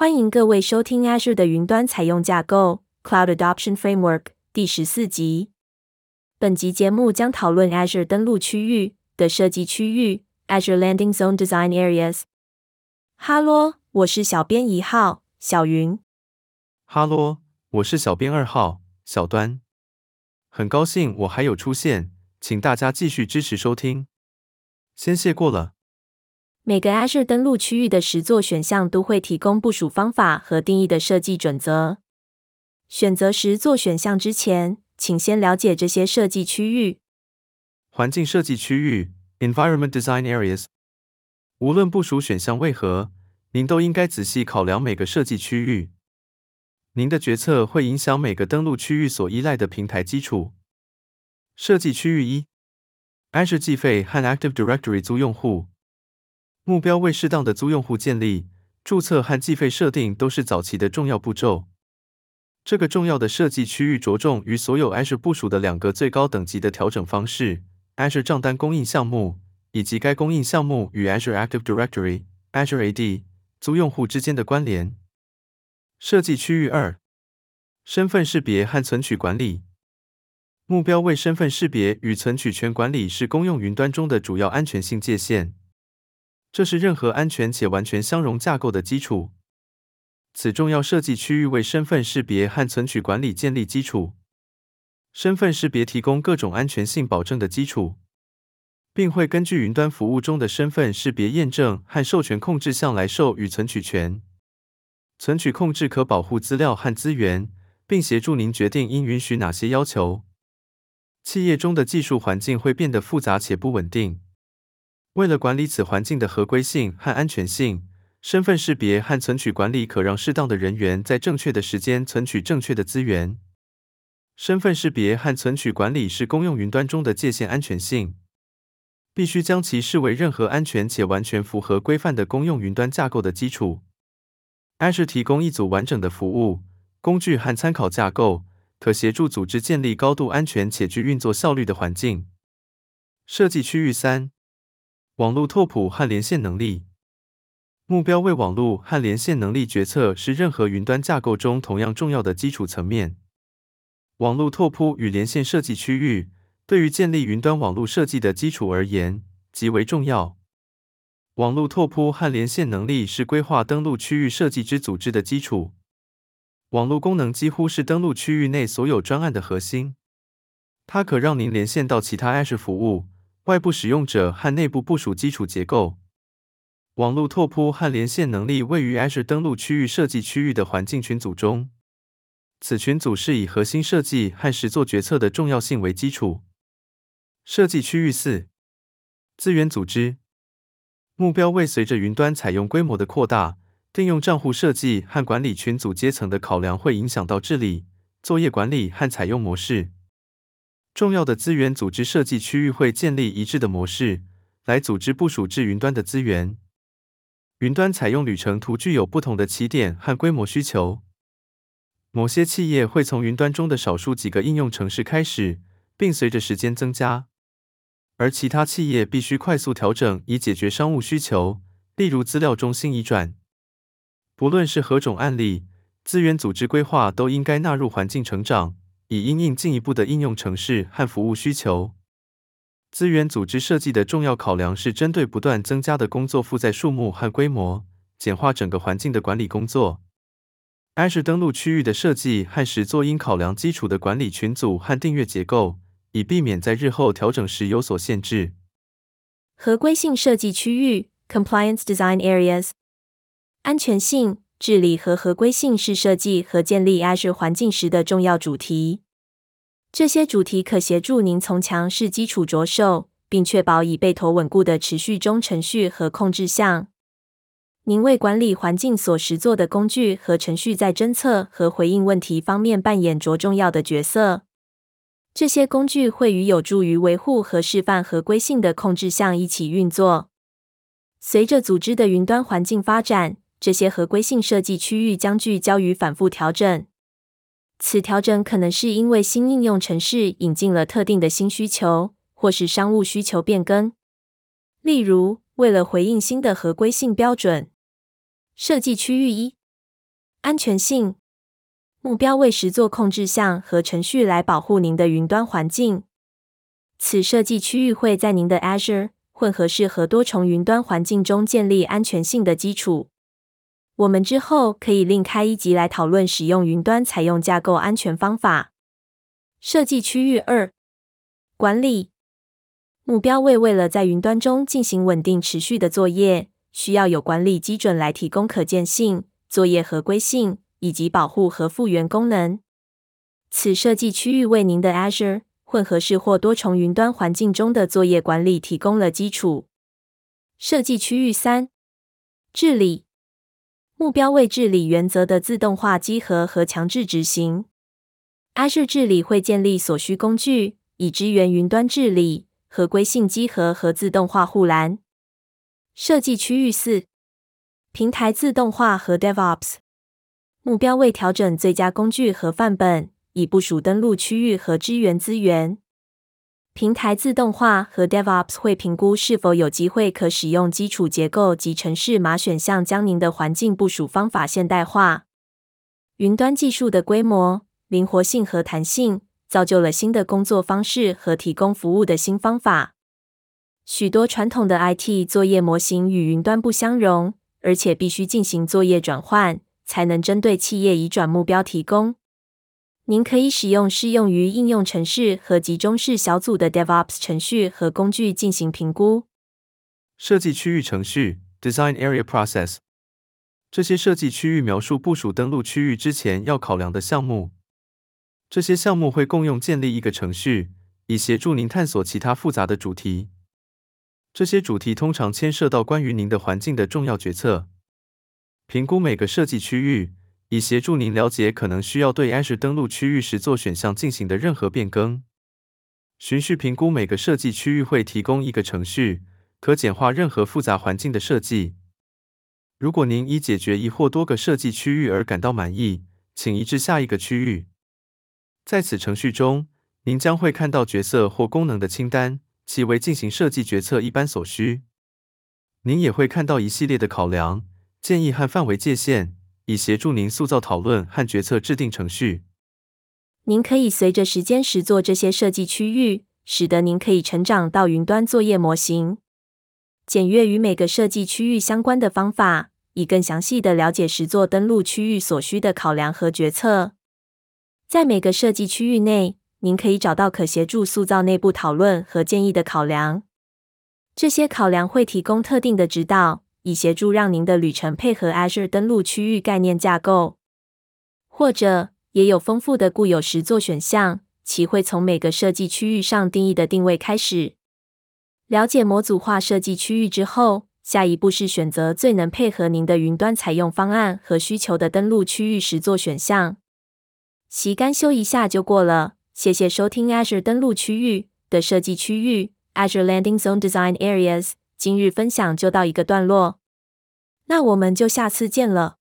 歡迎各位收聽 Azure 的雲端採用架構 Cloud Adoption Framework 第十四集。本集節目將討論 Azure 登陸區域的設計區域 Azure Landing Zone Design Areas。哈嘍，我是小編一號，小雲。哈嘍，我是小編二號，小端。很高興我還有出現，請大家繼續支持收聽。先謝過了。每個 Azure 登陸區域的實作選項都會提供部署方法和定義的設計準則。選擇實作選項之前，請先了解這些設計區域。環境設計區域 （Environment Design Areas）。無論部署選項為何，您都應該仔細考量每個設計區域。您的決策會影響每個登陸區域所依賴的平台基礎。設計區域一：Azure 計費和 Active Directory 租用戶。目標為適當的租用戶建立註冊和計費設定，都是早期的重要步驟。這個重要的設計區域着重於所有 Azure 部署的兩個最高等級的調整方式：Azure 賬單供應項目以及該供應項目與 Azure Active Directory（Azure AD） 租用戶之間的關聯。設計區域二：身份識別和存取管理。目標為身份識別與存取權管理是公用雲端中的主要安全性界限。這是任何安全且完全相容架構的基礎。此重要設計區域為身份識別和存取管理建立基礎。身份識別提供各種安全性保證的基礎，並會根據雲端服務中的身份識別驗證和授權控制項來授予存取權。存取控制可保護資料和資源，並協助您決定應允許哪些要求。企業中的技術環境會變得複雜且不穩定。為了管理此環境的合規性和安全性，身份識別和存取管理可讓適當的人員在正確的時間存取正確的資源。身份識別和存取管理是公用雲端中的界限安全性，必須將其視為任何安全且完全符合規範的公用雲端架構的基礎。Azure 提供一組完整的服務、工具和參考架構，可協助組織建立高度安全且具運作效率的環境。設計區域三。網絡拓撲和連線能力。目標為，網絡和連線能力決策是任何雲端架構中同樣重要的基礎層面。網絡拓撲與連線設計區域對於建立雲端網絡設計的基礎而言極為重要。網絡拓撲和連線能力是規劃登陸區域設計之組織的基礎。網絡功能幾乎是登陸區域內所有專案的核心，它可讓您連線到其他 Azure 服務。外部使用者和內部部署基礎結構、網絡拓撲和連線能力位於 Azure 登陸區域設計區域的環境群組中。此群組是以核心設計和實作決策的重要性為基礎。設計區域四資源組織目標為：隨着雲端採用規模的擴大，訂用帳戶設計和管理群組階層的考量會影響到治理、作業管理和採用模式。重要的資源組織設計區域會建立一致的模式來組織部署至雲端的資源。雲端採用旅程圖具有不同的起點和規模需求。某些企業會從雲端中的少數幾個應用程式開始，並隨着時間增加；而其他企業必須快速調整以解決商務需求，例如資料中心移轉。不論是何種案例，資源組織規劃都應該納入環境成長。以因應進一步的應用程式和服務需求。資源組織設計的重要考量是針對不斷增加的工作負載數目和規模，簡化整個環境的管理工作。Azure 登陸區域的設計和實作應考量基礎的管理群組和訂閱結構，以避免在日後調整時有所限制。合規性設計區域 （Compliance Design Areas） 安全性。治理和合規性是設計和建立 Azure 環境時的重要主題。這些主題可協助您從強勢基礎着手，並確保已被投穩固的持續中程序和控制項。您為管理環境所實作的工具和程序，在偵測和回應問題方面扮演着重要的角色。這些工具會與有助於維護和示範合規性的控制項一起運作。隨着組織的雲端環境發展，這些合規性設計區域將聚焦於反覆調整。此調整可能是因為新應用程式引進了特定的新需求，或是商務需求變更。例如，為了回應新的合規性標準，設計區域一，安全性，目標為實作控制項和程序來保護您的雲端環境。此設計區域會在您的 Azure 混合式和多重雲端環境中建立安全性的基礎。我們之後可以另開一集來討論使用雲端採用架構安全方法。設計區域二，管理，目標為：為了在雲端中進行穩定持續的作業，需要有管理基準來提供可見性、作業合規性以及保護和復原功能。此設計區域為您的 Azure 混合式或多重雲端環境中的作業管理提供了基礎。設計區域三，治理。目標為治理原則的自動化稽核和強制執行。Azure 治理會建立所需工具，以支援雲端治理、合規性稽核和自動化護欄。設計區域四，平台自動化和 DevOps。目標為調整最佳工具和範本，以部署登陸區域和支援資源。平台自動化和 DevOps 會評估是否有機會可使用基礎結構即程式碼選項，將您的環境部署方法現代化。雲端技術的規模、靈活性和彈性，造就了新的工作方式和提供服務的新方法。許多傳統的 IT 作業模型與雲端不相容，而且必須進行作業轉換，才能針對企業移轉目標提供。您可以使用適用於應用程序和集中式小組的 DevOps 程序和工具進行評估。設計區域程序 （Design Area Process） 這些設計區域描述部署登陸區域之前要考量的項目。這些項目會共用建立一個程序，以協助您探索其他複雜的主題。這些主題通常牽涉到關於您的環境的重要決策。評估每個設計區域。以協助您了解可能需要對 Azure 登陸區域實作選項進行的任何變更。循序評估每個設計區域會提供一個程序，可簡化任何複雜環境的設計。如果您已解決一或多個設計區域而感到滿意，請移至下一個區域。在此程序中，您將會看到角色或功能的清單，其為進行設計決策一般所需。您也會看到一系列的考量、建議和範圍界限。以協助您塑造討論和決策制定程序。您可以隨着時間實作這些設計區域，使得您可以成長到雲端作業模型。檢閱與每個設計區域相關的方法，以更詳細的了解實作登陸區域所需的考量和決策。在每個設計區域內，您可以找到可協助塑造內部討論和建議的考量。這些考量會提供特定的指導，以協助讓您的旅程配合 Azure 登陸區域概念架構，或者也有豐富的固有實作選項，其會從每個設計區域上定義的定位開始。了解模組化設計區域之後，下一步是選擇最能配合您的雲端採用方案和需求的登陸區域實作選項。其干修一下就過了，謝謝收聽 Azure 登陸區域的設計區域 Azure Landing Zone Design Areas。今日分享就到一個段落，那我們就下次見了。